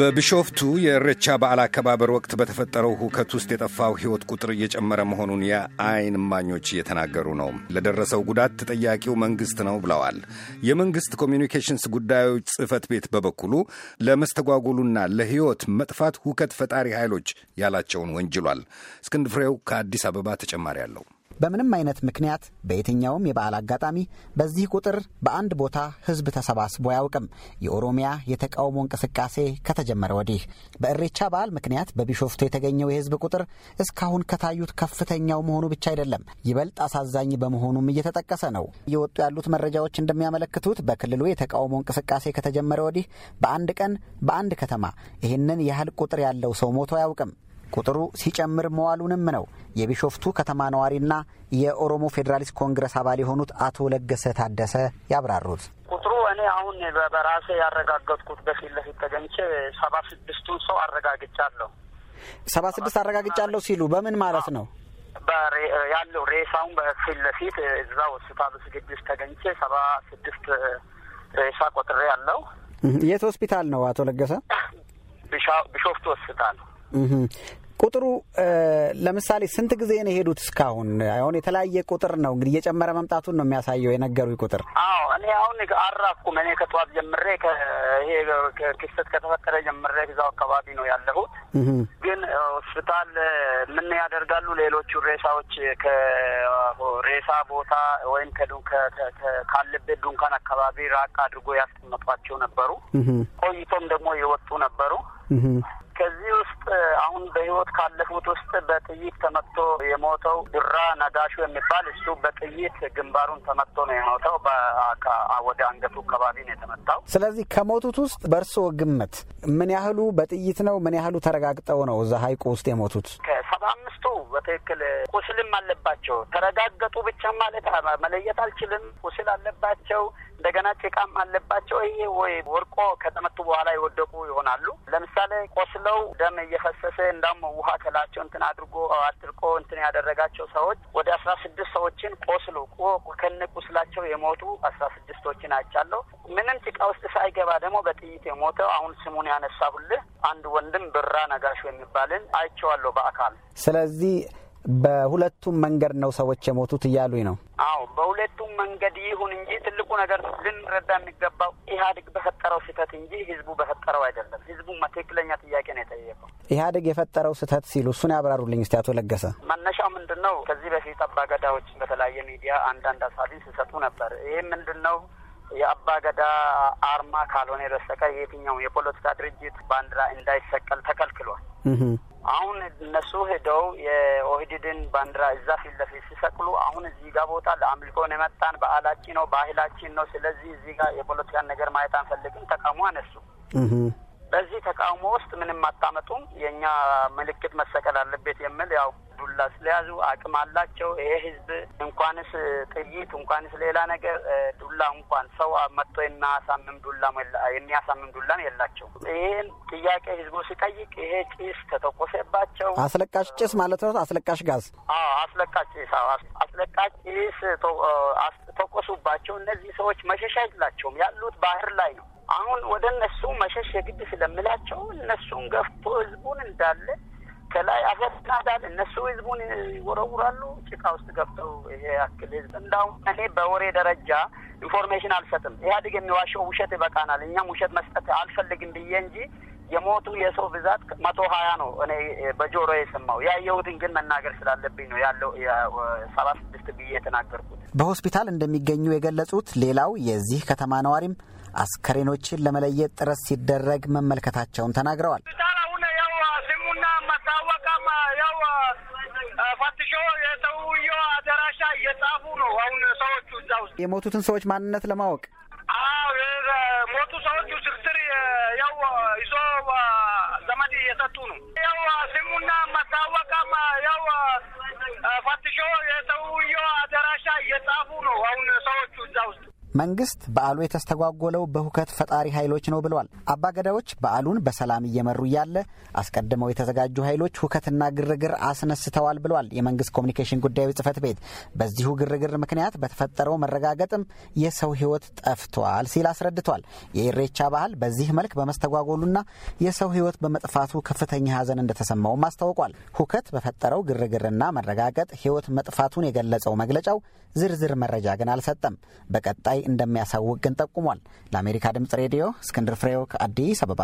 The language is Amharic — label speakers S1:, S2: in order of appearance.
S1: በቢሾፍቱ የእሬቻ በዓል አከባበር ወቅት በተፈጠረው ሁከት ውስጥ የጠፋው ሕይወት ቁጥር እየጨመረ መሆኑን የአይን እማኞች እየተናገሩ ነው። ለደረሰው ጉዳት ተጠያቂው መንግሥት ነው ብለዋል። የመንግሥት ኮሚኒኬሽንስ ጉዳዮች ጽህፈት ቤት በበኩሉ ለመስተጓጎሉና ለሕይወት መጥፋት ሁከት ፈጣሪ ኃይሎች ያላቸውን ወንጅሏል። እስክንድፍሬው ፍሬው ከአዲስ አበባ ተጨማሪ አለው።
S2: በምንም አይነት ምክንያት በየትኛውም የበዓል አጋጣሚ በዚህ ቁጥር በአንድ ቦታ ህዝብ ተሰባስቦ አያውቅም። የኦሮሚያ የተቃውሞ እንቅስቃሴ ከተጀመረ ወዲህ በእሬቻ በዓል ምክንያት በቢሾፍቱ የተገኘው የህዝብ ቁጥር እስካሁን ከታዩት ከፍተኛው መሆኑ ብቻ አይደለም፣ ይበልጥ አሳዛኝ በመሆኑም እየተጠቀሰ ነው። እየወጡ ያሉት መረጃዎች እንደሚያመለክቱት በክልሉ የተቃውሞ እንቅስቃሴ ከተጀመረ ወዲህ በአንድ ቀን በአንድ ከተማ ይህንን ያህል ቁጥር ያለው ሰው ሞቶ አያውቅም። ቁጥሩ ሲጨምር መዋሉንም ነው የቢሾፍቱ ከተማ ነዋሪና የኦሮሞ ፌዴራሊስት ኮንግረስ አባል የሆኑት አቶ ለገሰ ታደሰ ያብራሩት።
S1: ቁጥሩ እኔ አሁን በራሴ ያረጋገጥኩት በፊት ለፊት ተገኝቼ ሰባ ስድስቱን ሰው አረጋግጫለሁ።
S2: ሰባ ስድስት አረጋግጫለሁ ሲሉ በምን ማለት ነው?
S1: ያለው ሬሳውን በፊት ለፊት እዛ ስታብ ስግድስ ተገኝቼ ሰባ ስድስት ሬሳ ቆጥሬ ያለው
S2: የት ሆስፒታል ነው አቶ ለገሰ?
S1: ቢሾፍቱ ሆስፒታል
S2: ቁጥሩ ለምሳሌ ስንት ጊዜ ነው የሄዱት? እስካሁን አሁን የተለያየ ቁጥር ነው እንግዲህ እየጨመረ መምጣቱን ነው የሚያሳየው የነገሩ ቁጥር።
S1: አዎ እኔ አሁን አራፍኩም። እኔ ከጠዋት ጀምሬ ይሄ ክስተት ከተፈጠረ ጀምሬ እዛው አካባቢ ነው ያለሁት። ግን ሆስፒታል ምን ያደርጋሉ? ሌሎቹ ሬሳዎች ከሬሳ ቦታ ወይም ካለበት ዱንካን አካባቢ ራቅ አድርጎ ያስቀመጧቸው ነበሩ። ቆይቶም ደግሞ የወጡ ነበሩ። በህይወት ካለፉት ውስጥ በጥይት ተመቶ የሞተው ድራ ነጋሹ የሚባል እሱ በጥይት ግንባሩን ተመቶ ነው የሞተው። ወደ አንገቱ አካባቢ ነው የተመታው።
S2: ስለዚህ ከሞቱት ውስጥ በእርስዎ ግምት ምን ያህሉ በጥይት ነው? ምን ያህሉ ተረጋግጠው ነው እዛ ሀይቁ ውስጥ የሞቱት?
S1: ሰባ አምስቱ በትክክል ቁስልም አለባቸው። ተረጋገጡ ብቻ ማለት መለየት አልችልም። ቁስል አለባቸው፣ እንደገና ጭቃም አለባቸው። ይሄ ወይ ወርቆ ከተመቱ በኋላ የወደቁ ይሆናሉ። ለምሳሌ ቆስለው ደም እየፈሰሰ እንዳውም ውሃ ከላቸው እንትን አድርጎ አድርቆ እንትን ያደረጋቸው ሰዎች ወደ አስራ ስድስት ሰዎችን ቆስሉ ከነ ቁስላቸው የሞቱ አስራ ስድስቶችን አይቻለሁ። ምንም ጭቃ ውስጥ ሳይገባ ደግሞ በጥይት የሞተው አሁን ስሙን ያነሳሁልህ አንድ ወንድም ብራ ነጋሽ የሚባልን አይቼዋለሁ በአካል።
S2: ስለዚህ በሁለቱም መንገድ ነው ሰዎች የሞቱት እያሉኝ ነው?
S1: አዎ በሁለቱም መንገድ ይሁን እንጂ ትልቁ ነገር ልንረዳ የሚገባው ኢህአዴግ በፈጠረው ስህተት እንጂ ህዝቡ በፈጠረው አይደለም። ህዝቡ ትክክለኛ ጥያቄ ነው የጠየቀው።
S2: ኢህአዴግ የፈጠረው ስህተት ሲሉ እሱን ያብራሩልኝ እስቲ አቶ ለገሰ።
S1: መነሻው ምንድን ነው? ከዚህ በፊት አባገዳዎች በተለያየ ሚዲያ አንዳንድ አሳቢ ሲሰጡ ነበር። ይህ ምንድን ነው የአባ ገዳ አርማ ካልሆነ በስተቀር የትኛው የፖለቲካ ድርጅት ባንዲራ እንዳይሰቀል ተከልክሏል። አሁን እነሱ ሄደው የኦህዲድን ባንዲራ እዛ ፊት ለፊት ሲሰቅሉ፣ አሁን እዚህ ጋር ቦታ ለአምልኮን የመጣን በዓላችን ነው ባህላችን ነው። ስለዚህ እዚህ ጋር የፖለቲካን ነገር ማየት አንፈልግም። ተቃውሞ አነሱ። በዚህ ተቃውሞ ውስጥ ምንም አታመጡም፣ የእኛ ምልክት መሰቀል አለበት የሚል ያው ዱላ ስለያዙ አቅም አላቸው። ይሄ ህዝብ እንኳንስ ጥይት እንኳንስ ሌላ ነገር ዱላ እንኳን ሰው መጥቶ የሚያሳምም ዱላ የሚያሳምም ዱላም የላቸው። ይህን ጥያቄ ህዝቡ ሲጠይቅ ይሄ ጭስ ተተኮሰባቸው።
S2: አስለቃሽ ጭስ ማለት ነው። አስለቃሽ ጋዝ፣
S1: አዎ፣ አስለቃሽ ጭስ፣ አስለቃሽ ጭስ ተኮሱባቸው። እነዚህ ሰዎች መሸሻ የላቸውም። ያሉት ባህር ላይ ነው። አሁን ወደ እነሱ መሸሽ የግድ ስለምላቸው እነሱን ገፍቶ ህዝቡን እንዳለ ከላይ አገዳዳል እነሱ ህዝቡን ይወረውራሉ። ጭቃ ውስጥ ገብተው ይሄ ያክል ህዝብ እንዳውም እኔ በወሬ ደረጃ ኢንፎርሜሽን አልሰጥም። ኢህአዴግ የሚዋሸው ውሸት ይበቃናል፣ እኛም ውሸት መስጠት አልፈልግም ብዬ እንጂ የሞቱ የሰው ብዛት መቶ ሀያ ነው እኔ በጆሮ የሰማው ያየሁትን ግን መናገር ስላለብኝ ነው ያለው ሰባ ስድስት ብዬ የተናገርኩት።
S2: በሆስፒታል እንደሚገኙ የገለጹት ሌላው የዚህ ከተማ ነዋሪም አስከሬኖችን ለመለየት ጥረት ሲደረግ መመልከታቸውን ተናግረዋል።
S1: ፈትሾ የሰውየው አደራሻ እየጻፉ ነው አሁን
S2: ሰዎቹ እዛ ውስጥ የሞቱትን ሰዎች ማንነት ለማወቅ
S1: ሞቱ ሰዎቹ ስርስር ያው ይዞ ዘመድ እየሰጡ ነው። ያው ስሙና መታወቃም ያው ፈትሾ የሰውየው አደራሻ እየጻፉ ነው አሁን ሰዎቹ እዛ ውስጥ
S2: መንግስት በዓሉ የተስተጓጎለው በሁከት ፈጣሪ ኃይሎች ነው ብለዋል። አባገዳዎች በዓሉን በሰላም እየመሩ እያለ አስቀድመው የተዘጋጁ ኃይሎች ሁከትና ግርግር አስነስተዋል ብለዋል የመንግስት ኮሚኒኬሽን ጉዳዮች ጽህፈት ቤት። በዚሁ ግርግር ምክንያት በተፈጠረው መረጋገጥም የሰው ህይወት ጠፍቷል ሲል አስረድቷል። የኢሬቻ ባህል በዚህ መልክ በመስተጓጎሉና የሰው ህይወት በመጥፋቱ ከፍተኛ ሀዘን እንደተሰማውም አስታውቋል። ሁከት በፈጠረው ግርግርና መረጋገጥ ህይወት መጥፋቱን የገለጸው መግለጫው ዝርዝር መረጃ ግን አልሰጠም። በቀጣይ እንደሚያሳውቅ ግን ጠቁሟል። ለአሜሪካ ድምጽ ሬዲዮ እስክንድር ፍሬው ከአዲስ አበባ